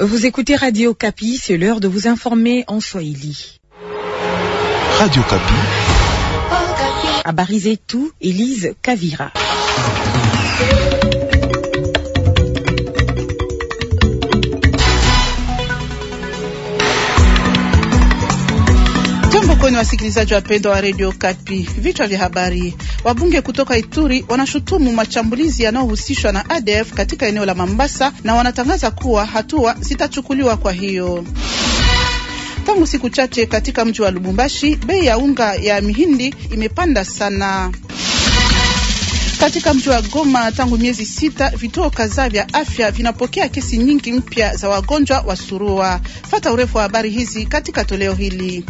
Vous écoutez Radio Capi, c'est l'heure de vous informer en Swahili. Radio Capi. À tout Elise Kavira. Jambo wasikilizaji Radio Wabunge kutoka Ituri wanashutumu mashambulizi yanayohusishwa na ADF katika eneo la Mambasa na wanatangaza kuwa hatua zitachukuliwa kwa hiyo. Tangu siku chache katika mji wa Lubumbashi, bei ya unga ya mihindi imepanda sana. Katika mji wa Goma tangu miezi sita, vituo kadhaa vya afya vinapokea kesi nyingi mpya za wagonjwa wa surua. Fata urefu wa habari hizi katika toleo hili.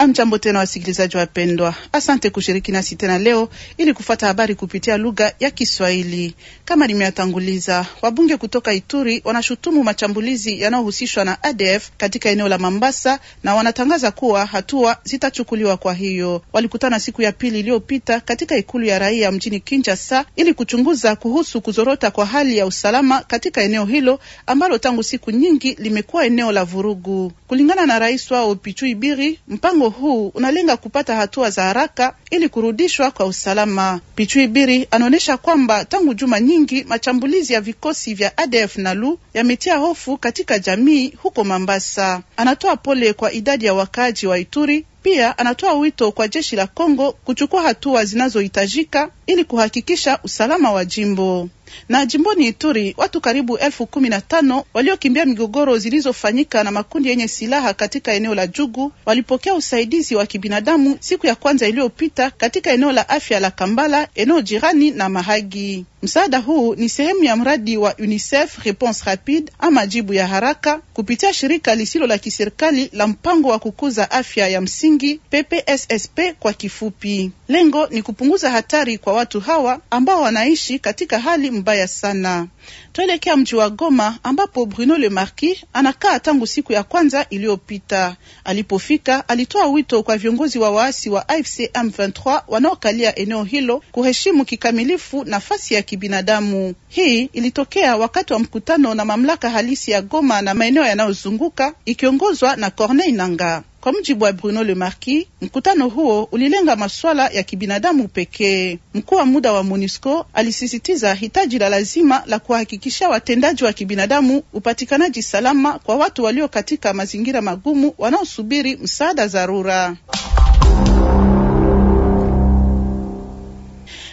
Amjambo tena wasikilizaji wapendwa, asante kushiriki nasi tena leo ili kufata habari kupitia lugha ya Kiswahili. Kama nimewatanguliza, wabunge kutoka Ituri wanashutumu machambulizi yanayohusishwa na ADF katika eneo la Mambasa na wanatangaza kuwa hatua zitachukuliwa. Kwa hiyo walikutana siku ya pili iliyopita katika ikulu ya raia mjini Kinshasa ili kuchunguza kuhusu kuzorota kwa hali ya usalama katika eneo hilo ambalo tangu siku nyingi limekuwa eneo la vurugu, kulingana na rais wao Pichui Biri mpango huu unalenga kupata hatua za haraka ili kurudishwa kwa usalama. biri anaonyesha kwamba tangu juma nyingi mashambulizi ya vikosi vya ADF na lu yametia hofu katika jamii huko Mambasa. Anatoa pole kwa idadi ya wakaaji wa Ituri. Pia anatoa wito kwa jeshi la Kongo kuchukua hatua zinazohitajika ili kuhakikisha usalama wa jimbo. Na jimboni Ituri, watu karibu elfu kumi na tano waliokimbia migogoro zilizofanyika na makundi yenye silaha katika eneo la Jugu walipokea usaidizi wa kibinadamu siku ya kwanza iliyopita katika eneo la afya la Kambala, eneo jirani na Mahagi. Msaada huu ni sehemu ya mradi wa UNICEF Response Rapide ama jibu ya haraka kupitia shirika lisilo la kiserikali la mpango wa kukuza afya ya msingi PPSSP kwa kifupi. Lengo ni kupunguza hatari kwa watu hawa ambao wanaishi katika hali mbaya sana. Tuelekea mji wa Goma ambapo Bruno Le Marquis anakaa tangu siku ya kwanza iliyopita. Alipofika alitoa wito kwa viongozi wa waasi wa AFC M23 wanaokalia eneo hilo kuheshimu kikamilifu nafasi ya kibinadamu. Hii ilitokea wakati wa mkutano na mamlaka halisi ya Goma na maeneo yanayozunguka ikiongozwa na Corneille Nangaa. Kwa mjibu wa Bruno Le Marquis, mkutano huo ulilenga masuala ya kibinadamu pekee. Mkuu wa muda wa MONUSCO alisisitiza hitaji la lazima la kuhakikisha watendaji wa kibinadamu upatikanaji salama kwa watu walio katika mazingira magumu wanaosubiri msaada dharura.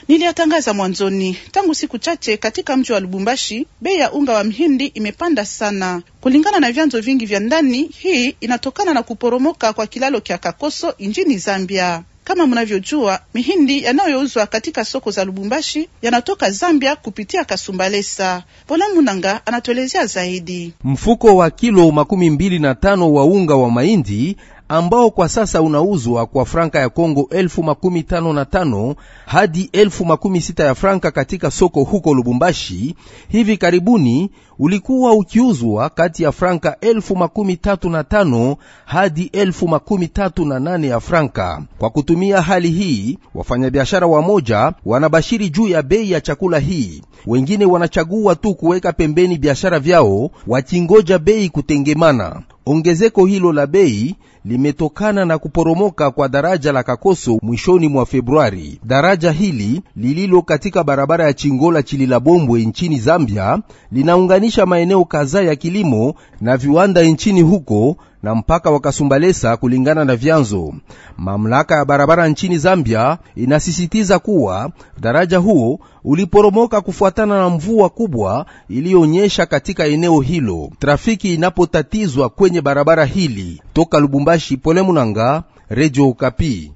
niliyatangaza mwanzoni. Tangu siku chache katika mji wa Lubumbashi, bei ya unga wa mhindi imepanda sana. Kulingana na vyanzo vingi vya ndani, hii inatokana na kuporomoka kwa kilalo kya Kakoso nchini Zambia. Kama mnavyojua, mihindi yanayouzwa katika soko za Lubumbashi yanatoka Zambia kupitia Kasumbalesa. Pola Munanga anatuelezea zaidi. Mfuko wa kilo makumi mbili na tano wa unga wa mahindi ambao kwa sasa unauzwa kwa franka ya Kongo elfu makumi tano na tano hadi elfu makumi sita ya franka katika soko huko Lubumbashi. Hivi karibuni ulikuwa ukiuzwa kati ya franka elfu makumi tatu na tano hadi elfu makumi tatu na nane ya franka. Kwa kutumia hali hii, wafanyabiashara wamoja wanabashiri juu ya bei ya chakula hii, wengine wanachagua tu kuweka pembeni biashara vyao wakingoja bei kutengemana. Ongezeko hilo la bei limetokana na kuporomoka kwa daraja la Kakoso mwishoni mwa Februari. Daraja hili lililo katika barabara ya Chingola Chililabombwe nchini Zambia linaunganisha maeneo kadhaa ya kilimo na viwanda nchini huko na mpaka wakasumbalesa. Kulingana na vyanzo, mamlaka ya barabara nchini Zambia inasisitiza kuwa daraja huo uliporomoka kufuatana na mvua kubwa iliyonyesha katika eneo hilo, trafiki inapotatizwa kwenye barabara hili. Toka Lubumbashi, Pole Munanga, Radio Kapi.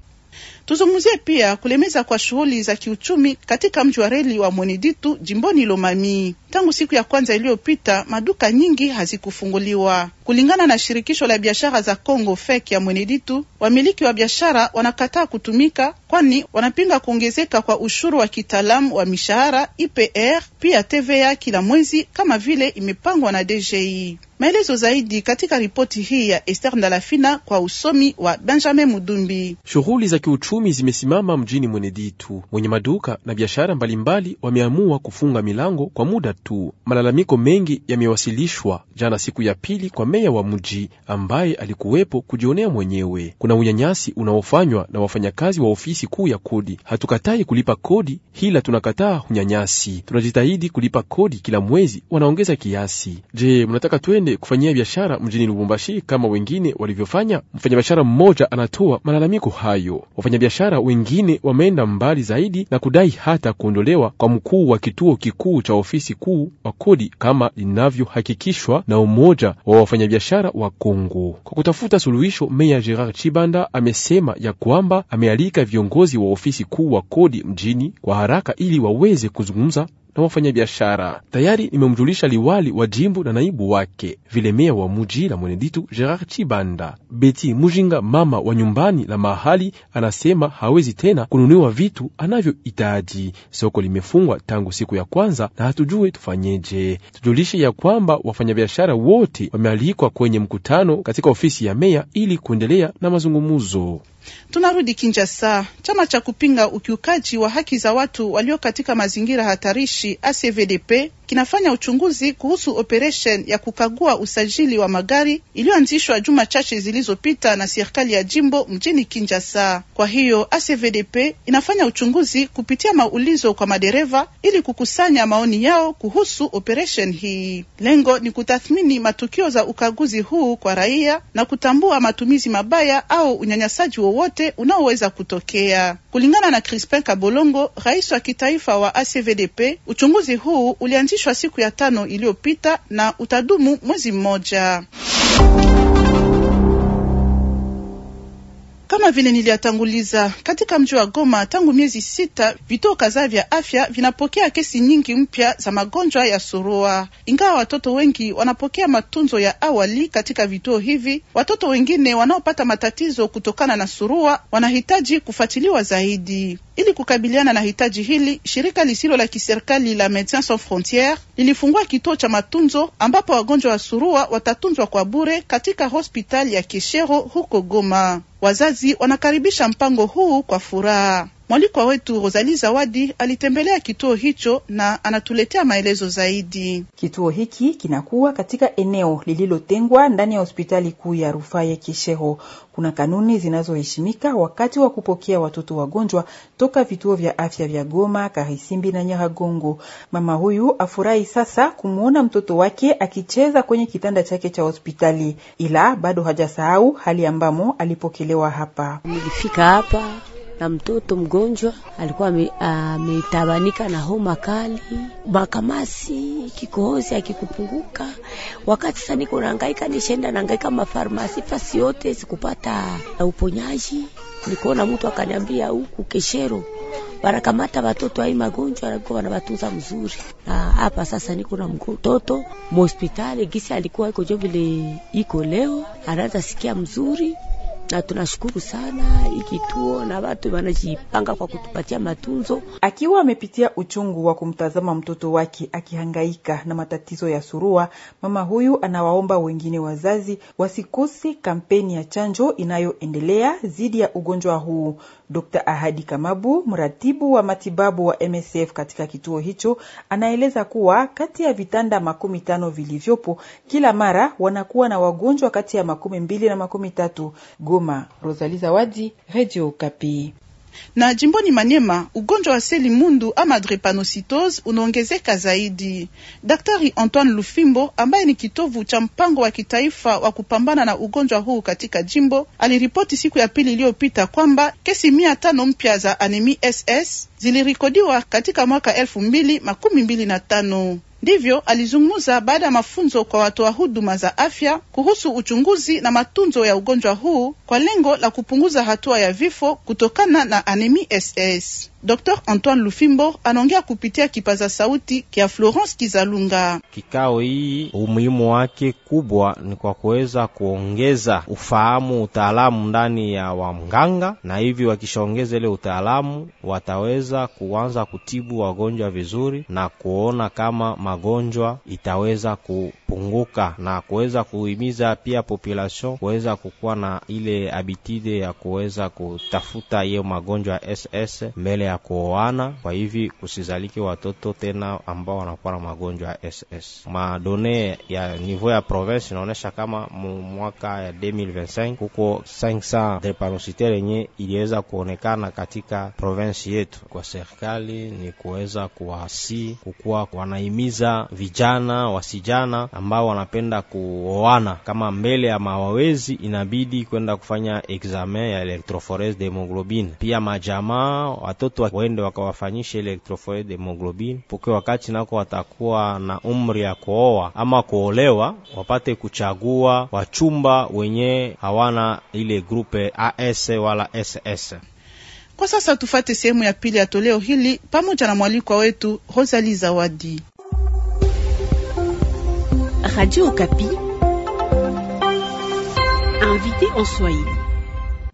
Tuzungumzie pia kulemeza kwa shughuli za kiuchumi katika mji wa reli wa mweneditu jimboni Lomami. Tangu siku ya kwanza iliyopita, maduka nyingi hazikufunguliwa. Kulingana na shirikisho la biashara za congo FEC ya Mweneditu, wamiliki wa biashara wanakataa kutumika, kwani wanapinga kuongezeka kwa ushuru wa kitaalamu wa mishahara IPR pia TVA kila mwezi kama vile imepangwa na DGI. Maelezo zaidi katika ripoti hii ya Esther Ndalafina kwa usomi wa Benjamin Mudumbi. Shughuli za kiuchumi zimesimama mjini Mweneditu. Mwenye maduka na biashara mbalimbali wameamua kufunga milango kwa muda tu. Malalamiko mengi yamewasilishwa jana siku ya pili kwa meya wa mji ambaye alikuwepo kujionea mwenyewe. Kuna unyanyasi unaofanywa na wafanyakazi wa ofisi kuu ya kodi. Hatukatai kulipa kodi, hila tunakataa unyanyasi. Tunajitahidi kulipa kodi kila mwezi, wanaongeza kiasi. Je, mnataka twende kufanyia biashara mjini Lubumbashi kama wengine walivyofanya? Mfanyabiashara mmoja anatoa malalamiko hayo. Wafanyabiashara wengine wameenda mbali zaidi na kudai hata kuondolewa kwa mkuu wa kituo kikuu cha ofisi kuu wa kodi kama linavyohakikishwa na umoja wa wafanya wafanyabiashara wa Kongo. Kwa kutafuta suluhisho, meya Gerard Chibanda amesema ya kwamba amealika viongozi wa ofisi kuu wa kodi mjini kwa haraka ili waweze kuzungumza na wafanyabiashara. Tayari nimemjulisha liwali wa jimbo na naibu wake, vile meya wa muji la Mweneditu Gerard Chibanda. Beti Mujinga, mama wa nyumbani la mahali, anasema hawezi tena kununua vitu anavyohitaji. Soko limefungwa tangu siku ya kwanza na hatujue tufanyeje. Tujulishe ya kwamba wafanyabiashara wote wamealikwa kwenye mkutano katika ofisi ya meya ili kuendelea na mazungumuzo. Tunarudi Kinjasa. Chama cha kupinga ukiukaji wa haki za watu walio katika mazingira hatarishi ACVDP kinafanya uchunguzi kuhusu operation ya kukagua usajili wa magari iliyoanzishwa juma chache zilizopita na serikali ya jimbo mjini Kinshasa. Kwa hiyo ACVDP inafanya uchunguzi kupitia maulizo kwa madereva ili kukusanya maoni yao kuhusu operation hii. Lengo ni kutathmini matukio za ukaguzi huu kwa raia na kutambua matumizi mabaya au unyanyasaji wowote unaoweza kutokea. Kulingana na Crispin Kabolongo, rais wa kitaifa wa ACVDP, uchunguzi huu ulianzishwa ulianzishwa siku ya tano iliyopita na utadumu mwezi mmoja. Kama vile niliyatanguliza katika mji wa Goma, tangu miezi sita vituo kadhaa vya afya vinapokea kesi nyingi mpya za magonjwa ya surua. Ingawa watoto wengi wanapokea matunzo ya awali katika vituo hivi, watoto wengine wanaopata matatizo kutokana na surua wanahitaji kufuatiliwa zaidi. Ili kukabiliana na hitaji hili, shirika lisilo la kiserikali la Medecins Sans Frontieres lilifungua kituo cha matunzo ambapo wagonjwa wa surua watatunzwa kwa bure katika hospitali ya Keshero huko Goma. Wazazi wanakaribisha mpango huu kwa furaha. Mwalikwa wetu Rosali Zawadi alitembelea kituo hicho na anatuletea maelezo zaidi. Kituo hiki kinakuwa katika eneo lililotengwa ndani ya hospitali kuu ya rufaa ya Kisheho. Kuna kanuni zinazoheshimika wakati wa kupokea watoto wagonjwa toka vituo vya afya vya Goma, Karisimbi na Nyaragongo. Mama huyu afurahi sasa kumwona mtoto wake akicheza kwenye kitanda chake cha hospitali, ila bado hajasahau hali ambamo alipokelewa hapa. Nilifika hapa na mtoto mgonjwa alikuwa ametabanika na homa kali, makamasi, kikohozi akikupunguka. Wakati sasa niko nahangaika, nishenda nahangaika mafarmasi fasi yote sikupata uponyaji. Nikuona mtu akaniambia, huku Keshero wanakamata watoto ai magonjwa alikuwa wanabatunza mzuri. Na hapa sasa niko na mtoto mhospitali, gisi alikuwa iko jo vile iko leo, anaanza sikia mzuri na tunashukuru sana ikituo na watu wanajipanga kwa kutupatia matunzo. Akiwa amepitia uchungu wa kumtazama mtoto wake akihangaika na matatizo ya surua, mama huyu anawaomba wengine wazazi wasikose kampeni ya chanjo inayoendelea dhidi ya ugonjwa huu. Dr Ahadi Kamabu, mratibu wa matibabu wa MSF katika kituo hicho, anaeleza kuwa kati ya vitanda makumi tano vilivyopo kila mara wanakuwa na wagonjwa kati ya makumi mbili na makumi tatu. Goma, Rosali Zawadi, Radio Kapi. Na jimboni Manyema, ugonjwa wa seli mundu ama drepanocytosis unaongezeka zaidi. Daktari Antoine Lufimbo ambaye ni kitovu cha mpango wa kitaifa wa kupambana na ugonjwa huu katika jimbo aliripoti siku ya pili iliyopita kwamba kesi mia tano mpya za anemi SS zilirikodiwa katika mwaka elfu mbili makumi mbili na tano. Ndivyo alizungumza baada ya mafunzo kwa watoa huduma za afya kuhusu uchunguzi na matunzo ya ugonjwa huu kwa lengo la kupunguza hatua ya vifo kutokana na anemi SS. Dr. Antoine Lufimbo anaongea kupitia kipaza sauti kia Florence Kizalunga. Kikao hii umuhimu wake kubwa ni kwa kuweza kuongeza ufahamu, utaalamu ndani ya wamganga, na hivi wakishaongeza ile utaalamu wataweza kuanza kutibu wagonjwa vizuri na kuona kama magonjwa itaweza kupunguka na kuweza kuhimiza pia population kuweza kukuwa na ile habitide ya kuweza kutafuta hiyo magonjwa SS mbele ya kuoana, kwa hivi kusizaliki watoto tena ambao wanakuwa na magonjwa ya SS. Madone ya niveau ya province inaonesha kama mu mwaka ya 2025 huko 500 drepanositer yenye iliweza kuonekana katika province yetu. Kwa serikali ni kuweza kuwasi kukuwa wanahimiza vijana wasijana ambao wanapenda kuoana, kama mbele ya mawawezi inabidi kwenda kufanya examen ya electrophorese de hemoglobine, pia majamaa watoto watu waende wakawafanyisha ile electrophoreus de hemoglobin puke wakati nako watakuwa na umri ya kuoa ama kuolewa, wapate kuchagua wachumba wenye hawana ile grupe AS wala SS. Kwa sasa tufate sehemu ya pili ya toleo hili pamoja na mwalikwa wetu Rosalie Zawadi, Radio Okapi, invité en Swahili.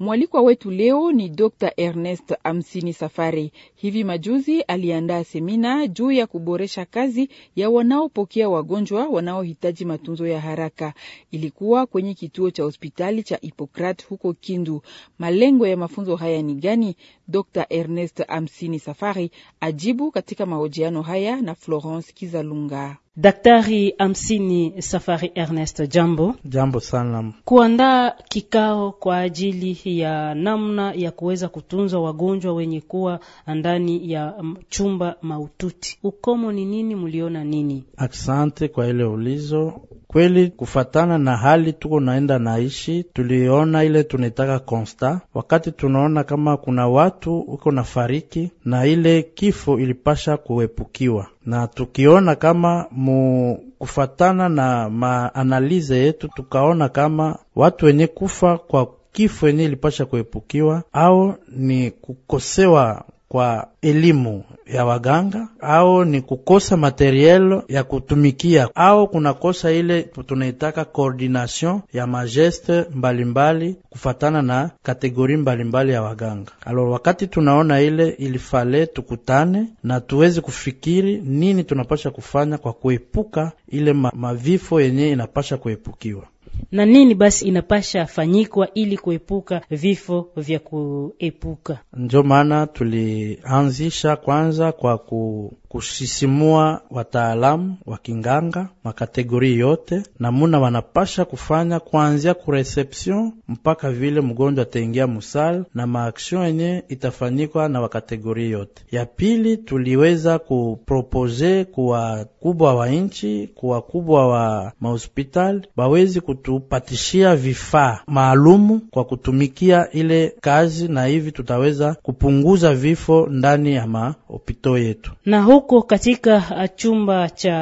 Mwalikwa wetu leo ni Dr Ernest Amsini Safari. Hivi majuzi aliandaa semina juu ya kuboresha kazi ya wanaopokea wagonjwa wanaohitaji matunzo ya haraka. Ilikuwa kwenye kituo cha hospitali cha Hipokrat huko Kindu. Malengo ya mafunzo haya ni gani? Dr Ernest Amsini Safari ajibu katika mahojiano haya na Florence Kizalunga. Daktari hamsini Safari Ernest, jambo. Jambo sana. Kuandaa kikao kwa ajili ya namna ya kuweza kutunza wagonjwa wenye kuwa ndani ya chumba maututi, ukomo ni nini? Mliona nini? Asante kwa ile ulizo. Kweli kufatana na hali tuko naenda naishi, tuliona ile tunaitaka konsta, wakati tunaona kama kuna watu uko na fariki na ile kifo ilipasha kuepukiwa, na tukiona kama mu kufatana na maanalize yetu tukaona kama watu wenye kufa kwa kifo yenye ilipasha kuepukiwa au ni kukosewa kwa elimu ya waganga au ni kukosa materiel ya kutumikia au kunakosa ile tunaitaka coordination ya majeste mbalimbali kufatana na kategori mbalimbali mbali ya waganga. Alors wakati tunaona ile, ilifale tukutane na tuweze kufikiri nini tunapasha kufanya kwa kuepuka ile ma mavifo yenye inapasha kuepukiwa na nini basi inapasha fanyikwa ili kuepuka vifo vya kuepuka. Ndio maana tulianzisha kwanza kwa ku kusisimua wataalamu wa kinganga makategori yote, namuna wanapasha kufanya kuanzia kuresepsion mpaka vile mgonjwa ataingia musal na maaksion yenye itafanyikwa na wakategori yote. Ya pili tuliweza kupropose kuwa kubwa wa nchi kuwa kubwa wa mahospitali bawezi kutupatishia vifaa maalumu kwa kutumikia ile kazi, na hivi tutaweza kupunguza vifo ndani ya mahopito yetu na huku huko katika uh, chumba cha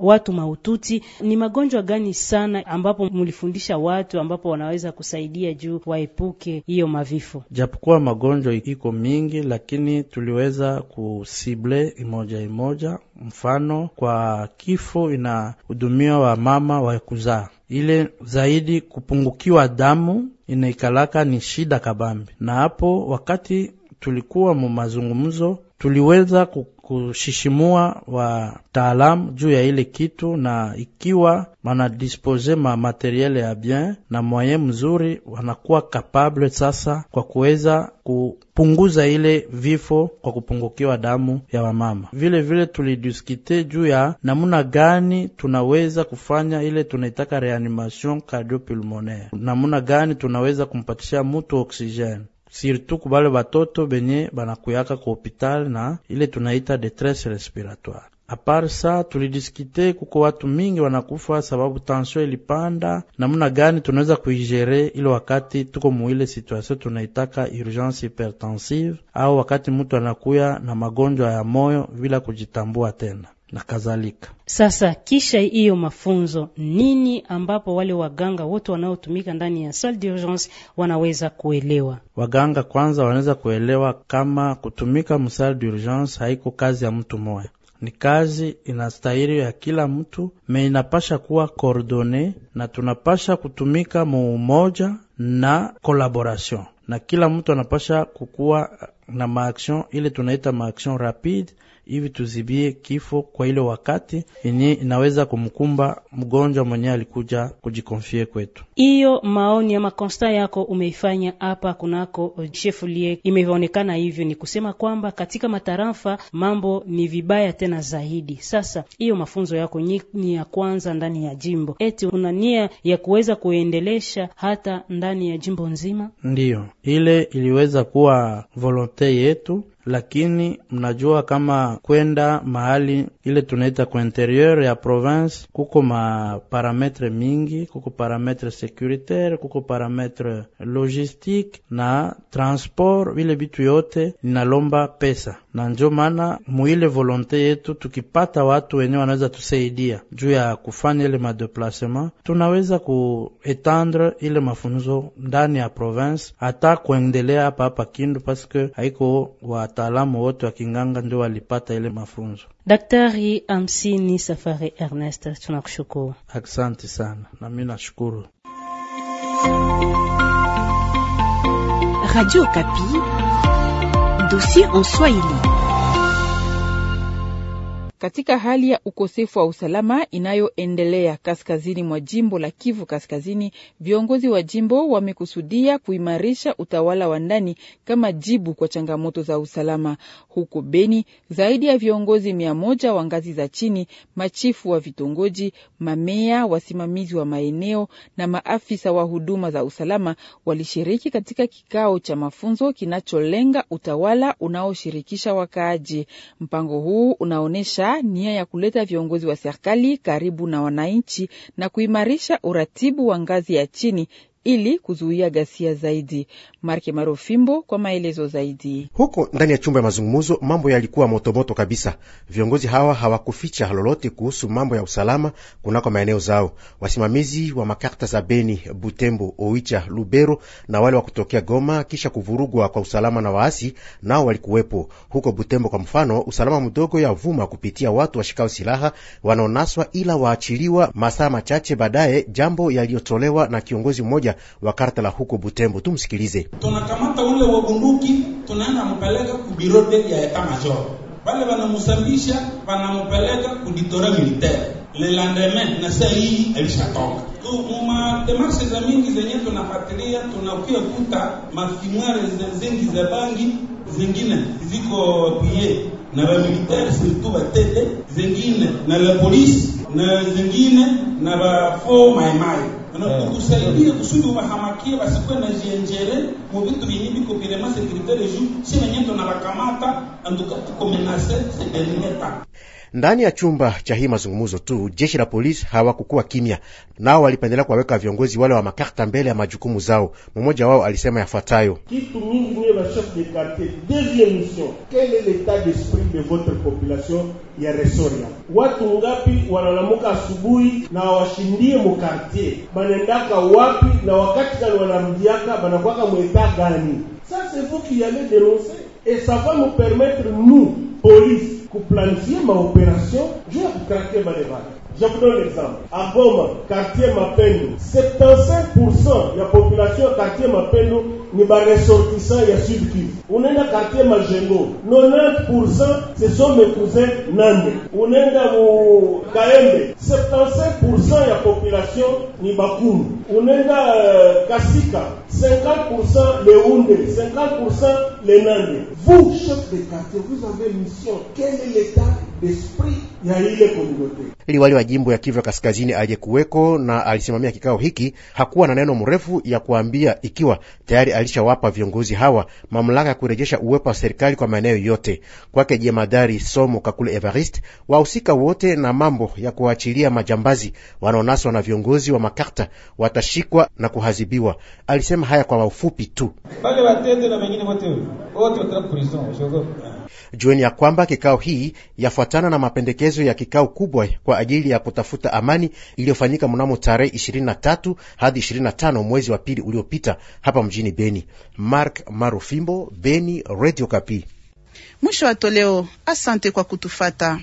watu mahututi, ni magonjwa gani sana ambapo mulifundisha watu ambapo wanaweza kusaidia juu waepuke hiyo mavifo? Japokuwa magonjwa iko mingi, lakini tuliweza kusible imoja imoja. Mfano, kwa kifo inahudumia wamama wa kuzaa ile zaidi kupungukiwa damu inaikalaka ni shida kabambi, na hapo wakati tulikuwa mu mazungumzo tuliweza kushishimua wataalamu juu ya ile kitu, na ikiwa wanadispose ma materiele ya bien na moyen mzuri, wanakuwa kapable sasa kwa kuweza kupunguza ile vifo kwa kupungukiwa damu ya wamama. Vile vile tulidiskite juu ya namuna gani tunaweza kufanya ile tunaitaka reanimation cardiopulmonaire, namuna gani tunaweza kumpatisha mutu oksijeni sirtu kubale batoto benye banakuyaka ku hopital na ile tunaita detresse respiratoire. Apar sa tulidiskite kuko watu mingi wanakufa sababu tension ilipanda, namuna gani tunaweza kuijere ile wakati tuko muile situation tunaitaka urgence hypertensive, au wakati mtu anakuya na magonjwa ya moyo bila kujitambua tena na kadhalika. Sasa kisha hiyo mafunzo nini, ambapo wale waganga wote wanaotumika ndani ya salle d'urgence wanaweza kuelewa? Waganga kwanza wanaweza kuelewa kama kutumika msalle d'urgence haiko kazi ya mtu mmoja, ni kazi inastahili ya kila mtu, me inapasha kuwa kordone na tunapasha kutumika muumoja na kolaboration, na kila mtu anapasha kukuwa na maaction ile tunaita maaction rapide hivi tuzibie kifo kwa ile wakati yenye inaweza kumkumba mgonjwa mwenyewe alikuja kujikonfie kwetu. Hiyo maoni ama konsta yako umeifanya hapa kunako uh, chefulie, imeonekana hivyo, ni kusema kwamba katika matarafa mambo ni vibaya tena zaidi. Sasa hiyo mafunzo yako ni ya kwanza ndani ya jimbo, eti una nia ya kuweza kuendelesha hata ndani ya jimbo nzima? Ndiyo, ile iliweza kuwa hotel yetu, lakini mnajua kama kwenda mahali ile tunaita kwa interieur ya province kuko ma parametre mingi, kuko parametre securitaire, kuko parametre logistique na transport. Vile vitu yote ninalomba pesa na ndio maana muile volonte yetu, tukipata watu wenye wanaweza tusaidia juu ya kufanya ile madeplasema, tunaweza kuetandre ile mafunzo ndani ya province, hata kuendelea hapa hapa Kindu, paske haiko wataalamu wote wa kinganga ndio walipata ile mafunzo. Daktari Amsini Safari Ernest, tunakushukuru. Asante sana, nami nashukuru Radio Kapi. dossier en Swahili. katika hali ya ukosefu wa usalama inayoendelea kaskazini mwa jimbo la Kivu Kaskazini, viongozi wa jimbo wamekusudia kuimarisha utawala wa ndani kama jibu kwa changamoto za usalama. Huko Beni, zaidi ya viongozi mia moja wa ngazi za chini, machifu wa vitongoji, mamea, wasimamizi wa maeneo na maafisa wa huduma za usalama walishiriki katika kikao cha mafunzo kinacholenga utawala unaoshirikisha wakaaji. Mpango huu unaonyesha nia ya kuleta viongozi wa serikali karibu na wananchi na kuimarisha uratibu wa ngazi ya chini ili kuzuia ghasia zaidi. Marke Marofimbo kwa maelezo zaidi. Huko ndani ya chumba ya mazungumuzo mambo yalikuwa motomoto kabisa. Viongozi hawa hawakuficha lolote kuhusu mambo ya usalama kunako maeneo zao. Wasimamizi wa makarta za Beni, Butembo, Oicha, Lubero na wale wa kutokea Goma kisha kuvurugwa kwa usalama na waasi nao walikuwepo huko Butembo. Kwa mfano, usalama mdogo ya vuma kupitia watu washikao silaha wanaonaswa ila waachiliwa masaa machache baadaye, jambo yaliyotolewa na kiongozi mmoja wa karta la huko Butembo. Tumsikilize. tunakamata ule wa bunduki tunaenda mpeleka kubirode ya eta major, wale wanamusambisha ku kuditore militaire lendemain na saa hii alishatoka mumademarche za mingi zenye tunafatilia, tunakuya kuta za zingi za bangi zingine ziko pie na militaire surtout tete zingine na la polisi na zingine na bafo maimai usaidie kusudi ubahamakie basikwe na jenjere mu bintu binyi bikopiremasegirite reju sibenye tonabakamata anduka tukomenase sebenye ta ndani ya chumba cha hii mazungumzo tu, jeshi la polisi hawakukuwa kimya, nao walipendelea kuwaweka viongozi wale wa makarta mbele ya majukumu zao. Mmoja wao alisema yafuatayo: kitu mingi mwe ba chef de quartier deuxième mission quel est l'état d'esprit de votre population ya Resoria? Watu ngapi wanalamuka asubuhi na washindie mu banaendaka wapi na wakati gani wanamdiaka, banakwaka mweta gani? Ça c'est vous qui allez dénoncer et ça va nous permettre nous police opération, je vais ya ma balevale. Je vous donne l'exemple. À Goma, quartier Mapendo, 75% la population quartier Mapendo ni a ya Sud est dans quartier Majengo, 90% ce sont mes cousins Nande. est quartier Kaembe, 75% la population ni On est dans euh, Kasika, 50% hunde. 50% les Vous, chef de quartier, vous avez mission. Quel est l'état d'esprit Liwali wa jimbo ya Kivu Kaskazini aliyekuweko na alisimamia kikao hiki hakuwa na neno mrefu ya kuambia, ikiwa tayari alishawapa viongozi hawa mamlaka ya kurejesha uwepo wa serikali kwa maeneo yote. Kwake jemadari Somo Kakule evarist wahusika wote na mambo ya kuachilia majambazi wanaonaswa na viongozi wa makarta watashikwa na kuhazibiwa. Alisema haya kwa ufupi tu, bale watende na wengine wote Jueni ya kwamba kikao hii yafuatana na mapendekezo ya kikao kubwa kwa ajili ya kutafuta amani iliyofanyika mnamo tarehe 23 hadi 25 mwezi wa pili uliopita hapa mjini Beni. Mark Marufimbo, Beni, Radio Kapi. Mwisho wa toleo. Asante kwa kutufata.